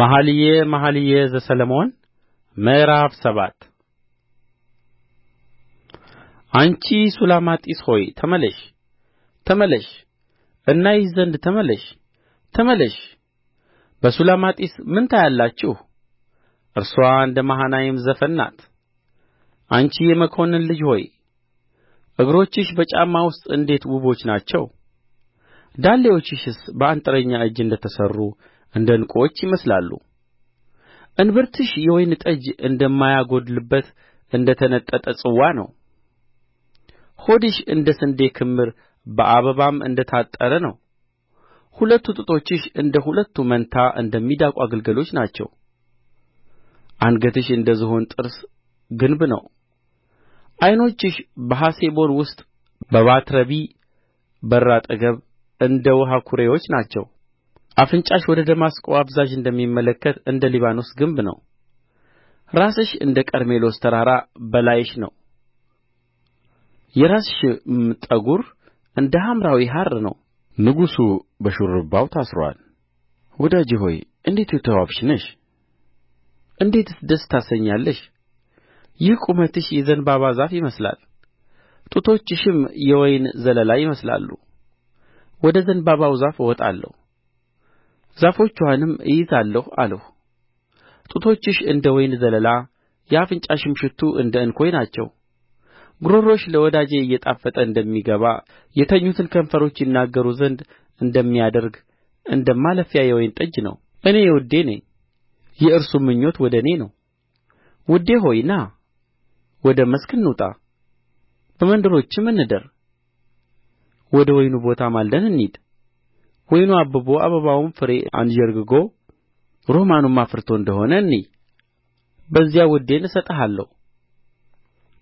መኃልየ መኃልይ ዘሰሎሞን ምዕራፍ ሰባት አንቺ ሱላማጢስ ሆይ ተመለሽ ተመለሽ እናይሽ ዘንድ ተመለሽ ተመለሽ በሱላማጢስ ምን ታያላችሁ እርሷ እንደ መሃናይም ዘፈን ናት አንቺ የመኰንን ልጅ ሆይ እግሮችሽ በጫማ ውስጥ እንዴት ውቦች ናቸው ዳሌዎችሽስ በአንጥረኛ እጅ እንደ ተሠሩ እንደ ዕንቍዎች ይመስላሉ እንብርትሽ የወይን ጠጅ እንደማያጎድልበት እንደ ተነጠጠ ጽዋ ነው ሆድሽ እንደ ስንዴ ክምር በአበባም እንደ ታጠረ ነው ሁለቱ ጡቶችሽ እንደ ሁለቱ መንታ እንደ ሚዳቋ ግልገሎች ናቸው አንገትሽ እንደ ዝሆን ጥርስ ግንብ ነው ዐይኖችሽ በሐሴቦን ውስጥ በባትረቢ በር አጠገብ እንደ ውኃ ኵሬዎች ናቸው አፍንጫሽ ወደ ደማስቆ አፋዛዥ እንደሚመለከት እንደ ሊባኖስ ግንብ ነው ራስሽ እንደ ቀርሜሎስ ተራራ በላይሽ ነው የራስሽም ጠጕር እንደ ሐምራዊ ሐር ነው ንጉሡ በሹርባው ታስሮአል ወዳጄ ሆይ እንዴት የተዋብሽ ነሽ እንዴትስ ደስ ታሰኛለሽ ይህ ቁመትሽ የዘንባባ ዛፍ ይመስላል ጡቶችሽም የወይን ዘለላ ይመስላሉ ወደ ዘንባባው ዛፍ እወጣለሁ ዛፎችዋንም እይዛለሁ አልሁ ጡቶችሽ እንደ ወይን ዘለላ የአፍንጫሽም ሽቱ እንደ እንኮይ ናቸው ጕሮሮሽ ለወዳጄ እየጣፈጠ እንደሚገባ የተኙትን ከንፈሮች ይናገሩ ዘንድ እንደሚያደርግ እንደ ማለፊያ የወይን ጠጅ ነው እኔ የውዴ ነኝ የእርሱም ምኞት ወደ እኔ ነው ውዴ ሆይ ና ወደ መስክ እንውጣ በመንደሮችም እንደር ወደ ወይኑ ቦታ ማልደን እንሂድ ወይኑ አብቦ አበባውም ፍሬ አንዠርግጎ ሮማኑም አፍርቶ እንደ ሆነ እንይ በዚያ ውዴን እሰጥሃለሁ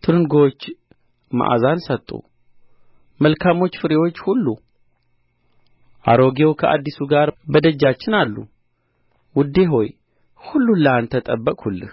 ትርንጎዎች መዓዛን ሰጡ መልካሞች ፍሬዎች ሁሉ አሮጌው ከአዲሱ ጋር በደጃችን አሉ ውዴ ሆይ ሁሉን ለአንተ ጠበቅሁልህ